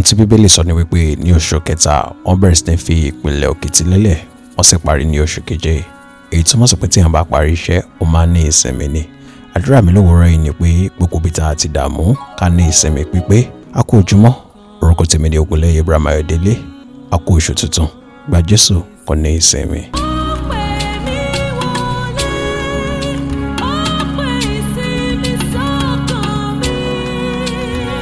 ohun tí bíbélì sọ ni wípé ní oṣù kẹta wọ́n bẹ̀rẹ̀ sí ní fi ìpìlẹ̀ òkìtì lélẹ̀ wọ́n sì parí ní oṣù keje èyí tó mọ̀ sí pé tí èèyàn bá parí iṣẹ́ ó máa ní ìsinmi ni àdúrà mi lówùúrọ̀ yìí ni pé gbogbo ibi tá a ti dààmú ká ní ìsinmi pípé a kú ojúmọ́ orúkọ tèmi ni Ògúnlẹ́yẹ Ibrahim Ayọ̀délé a kú oṣù tuntun gba Jésù kò ní ìsinmi.